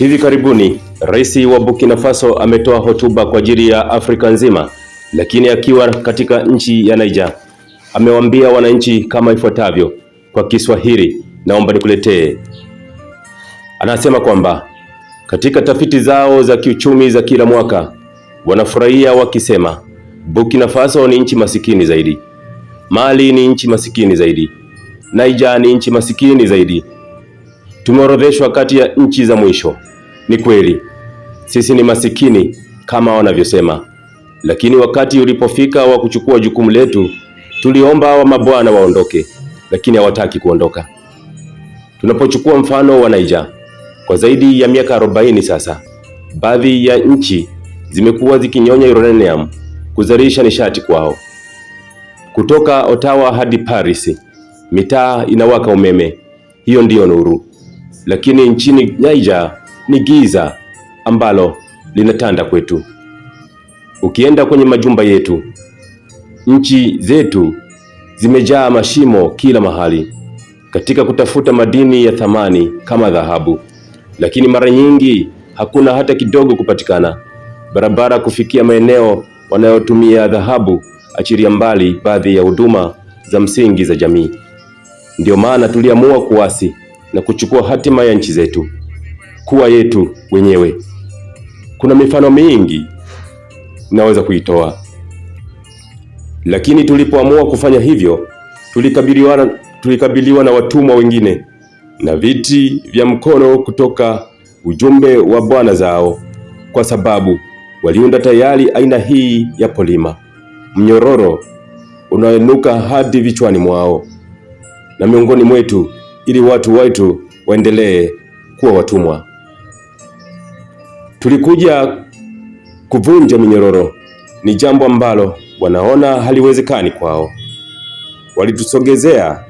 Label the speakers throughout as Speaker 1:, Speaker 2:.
Speaker 1: Hivi karibuni rais wa Burkina Faso ametoa hotuba kwa ajili ya Afrika nzima, lakini akiwa katika nchi ya Niger amewaambia wananchi kama ifuatavyo kwa Kiswahili, naomba nikuletee. Anasema kwamba katika tafiti zao za kiuchumi za kila mwaka wanafurahia wakisema, Burkina Faso ni nchi masikini zaidi, Mali ni nchi masikini zaidi, Niger ni nchi masikini zaidi Tumeorodheshwa kati ya nchi za mwisho. Ni kweli sisi ni masikini kama wanavyosema, lakini wakati ulipofika wa kuchukua jukumu letu, tuliomba wa mabwana waondoke, lakini hawataki kuondoka. Tunapochukua mfano wa Niger, kwa zaidi ya miaka 40 sasa, baadhi ya nchi zimekuwa zikinyonya uranium kuzalisha nishati kwao. Kutoka Ottawa hadi Paris, mitaa inawaka umeme. Hiyo ndiyo nuru lakini nchini Niger ni giza ambalo linatanda kwetu. Ukienda kwenye majumba yetu, nchi zetu zimejaa mashimo kila mahali katika kutafuta madini ya thamani kama dhahabu, lakini mara nyingi hakuna hata kidogo kupatikana. Barabara kufikia maeneo wanayotumia dhahabu, achiria mbali baadhi ya huduma za msingi za jamii. Ndiyo maana tuliamua kuasi na kuchukua hatima ya nchi zetu kuwa yetu wenyewe. Kuna mifano mingi naweza kuitoa, lakini tulipoamua kufanya hivyo tulikabiliwa, tulikabiliwa na watumwa wengine na viti vya mkono kutoka ujumbe wa bwana zao, kwa sababu waliunda tayari aina hii ya polima, mnyororo unaenuka hadi vichwani mwao na miongoni mwetu ili watu wetu waendelee kuwa watumwa. Tulikuja kuvunja minyororo, ni jambo ambalo wanaona haliwezekani kwao. Walitusogezea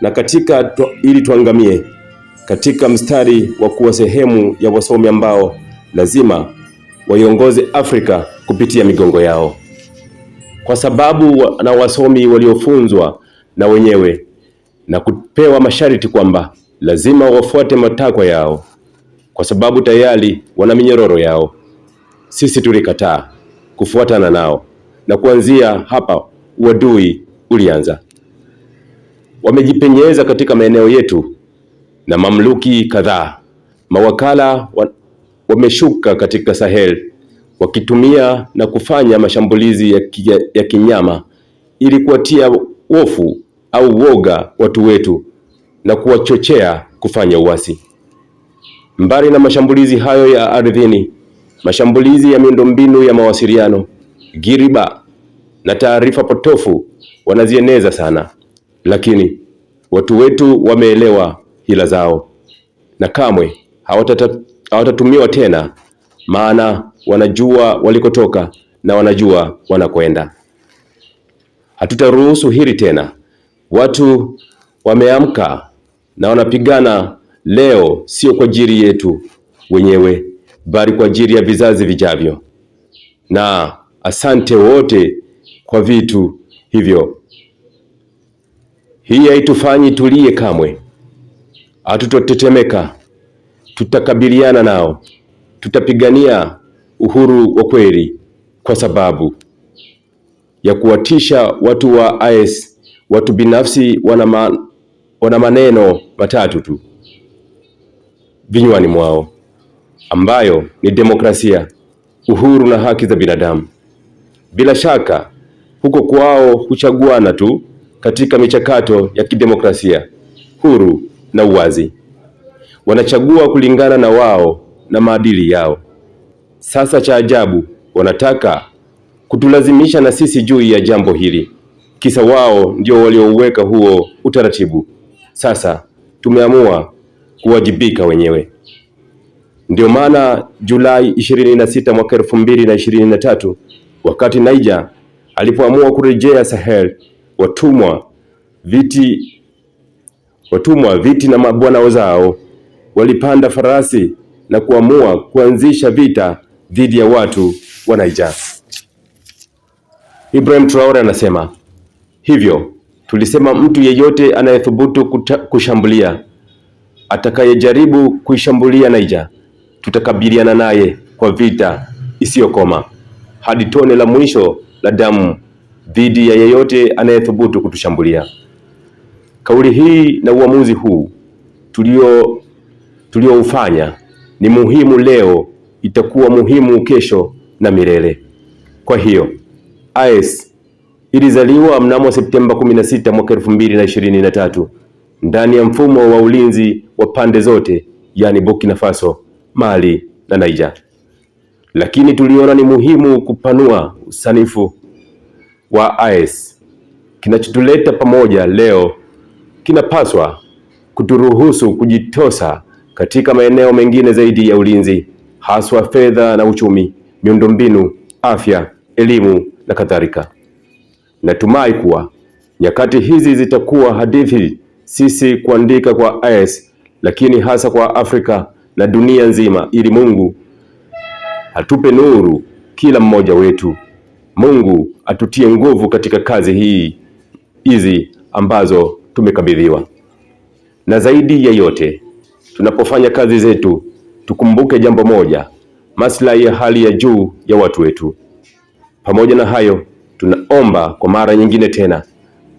Speaker 1: na katika tu, ili tuangamie katika mstari wa kuwa sehemu ya wasomi ambao lazima waiongoze Afrika kupitia migongo yao, kwa sababu na wasomi waliofunzwa na wenyewe na kupewa masharti kwamba lazima wafuate matakwa yao, kwa sababu tayari wana minyororo yao. Sisi tulikataa kufuatana nao, na kuanzia hapa uadui ulianza. Wamejipenyeza katika maeneo yetu, na mamluki kadhaa mawakala wa, wameshuka katika Sahel wakitumia na kufanya mashambulizi ya, ya, ya kinyama ili kuwatia wofu au woga watu wetu na kuwachochea kufanya uasi. Mbali na mashambulizi hayo ya ardhini, mashambulizi ya miundombinu ya mawasiliano, giriba na taarifa potofu wanazieneza sana, lakini watu wetu wameelewa hila zao na kamwe hawatatumiwa tena, maana wanajua walikotoka na wanajua wanakwenda. Hatutaruhusu hili tena. Watu wameamka na wanapigana leo, sio kwa ajili yetu wenyewe, bali kwa ajili ya vizazi vijavyo. Na asante wote kwa vitu hivyo. Hii haitufanyi tulie kamwe, hatutotetemeka. Tutakabiliana nao, tutapigania uhuru wa kweli, kwa sababu ya kuwatisha watu wa IS Watu binafsi wana, ma, wana maneno matatu tu vinywani mwao ambayo ni demokrasia, uhuru na haki za binadamu. Bila shaka huko kwao huchaguana tu katika michakato ya kidemokrasia huru na uwazi, wanachagua kulingana na wao na maadili yao. Sasa cha ajabu, wanataka kutulazimisha na sisi juu ya jambo hili kisa wao ndio waliouweka huo utaratibu. Sasa tumeamua kuwajibika wenyewe. Ndio maana Julai 26 mwaka 2023 wakati Niger alipoamua kurejea Sahel, watumwa viti, watumwa viti na mabwana wazao walipanda farasi na kuamua kuanzisha vita dhidi ya watu wa Niger. Ibrahim Traore anasema Hivyo tulisema mtu yeyote anayethubutu kushambulia, atakayejaribu kuishambulia Niger, tutakabiliana naye kwa vita isiyokoma hadi tone la mwisho la damu dhidi ya yeyote anayethubutu kutushambulia. Kauli hii na uamuzi huu tulio tulioufanya ni muhimu leo, itakuwa muhimu kesho na milele. Kwa hiyo AES ilizaliwa mnamo Septemba 16 mwaka 2023 ndani ya mfumo wa ulinzi wa pande zote, yani Burkina Faso, Mali na Niger, lakini tuliona ni muhimu kupanua usanifu wa AES. Kinachotuleta pamoja leo kinapaswa kuturuhusu kujitosa katika maeneo mengine zaidi ya ulinzi, haswa fedha na uchumi, miundombinu, afya, elimu na kadhalika. Natumai kuwa nyakati hizi zitakuwa hadithi sisi kuandika kwa IS, lakini hasa kwa Afrika na dunia nzima, ili Mungu atupe nuru kila mmoja wetu. Mungu atutie nguvu katika kazi hii hizi ambazo tumekabidhiwa, na zaidi ya yote, tunapofanya kazi zetu tukumbuke jambo moja, maslahi ya hali ya juu ya watu wetu. Pamoja na hayo omba kwa mara nyingine tena,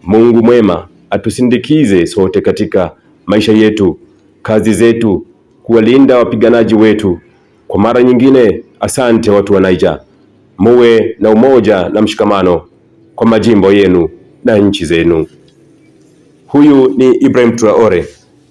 Speaker 1: Mungu mwema atusindikize sote katika maisha yetu, kazi zetu, kuwalinda wapiganaji wetu. Kwa mara nyingine, asante watu wa Niger, muwe na umoja na mshikamano kwa majimbo yenu na nchi zenu. Huyu ni Ibrahim Traore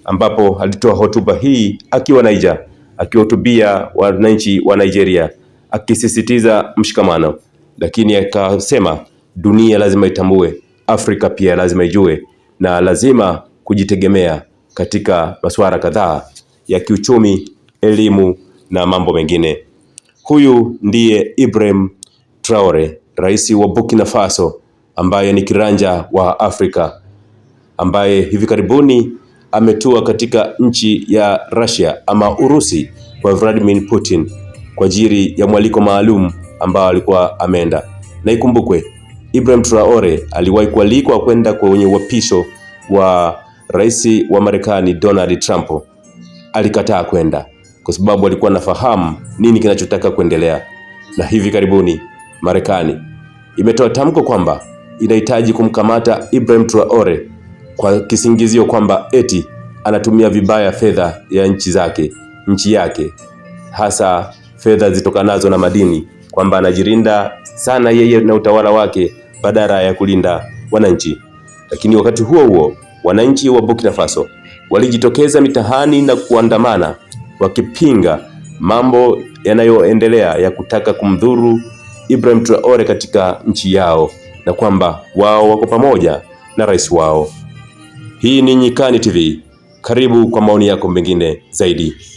Speaker 1: ambapo alitoa hotuba hii akiwa Niger, akihutubia wananchi wa Nigeria, akisisitiza mshikamano, lakini akasema dunia lazima itambue, Afrika pia lazima ijue na lazima kujitegemea katika masuala kadhaa ya kiuchumi, elimu na mambo mengine. Huyu ndiye Ibrahim Traore, rais wa Burkina Faso ambaye ni kiranja wa Afrika ambaye hivi karibuni ametua katika nchi ya Russia ama Urusi kwa Vladimir Putin kwa ajili ya mwaliko maalum ambao alikuwa ameenda. Na ikumbukwe Ibrahim Traore aliwahi kualikwa kwenda kwenye uapisho wa rais wa Marekani Donald Trump. Alikataa kwenda kwa sababu alikuwa anafahamu nini kinachotaka kuendelea. Na hivi karibuni Marekani imetoa tamko kwamba inahitaji kumkamata Ibrahim Traore kwa kisingizio kwamba eti anatumia vibaya fedha ya nchi zake, nchi yake, hasa fedha zitokanazo na madini kwamba anajirinda sana yeye na utawala wake badala ya kulinda wananchi. Lakini wakati huo huo wananchi wa Burkina Faso walijitokeza mitahani na kuandamana wakipinga mambo yanayoendelea ya kutaka kumdhuru Ibrahim Traore katika nchi yao na kwamba wao wako pamoja na rais wao. Hii ni Nyikani TV. Karibu kwa maoni yako mengine zaidi.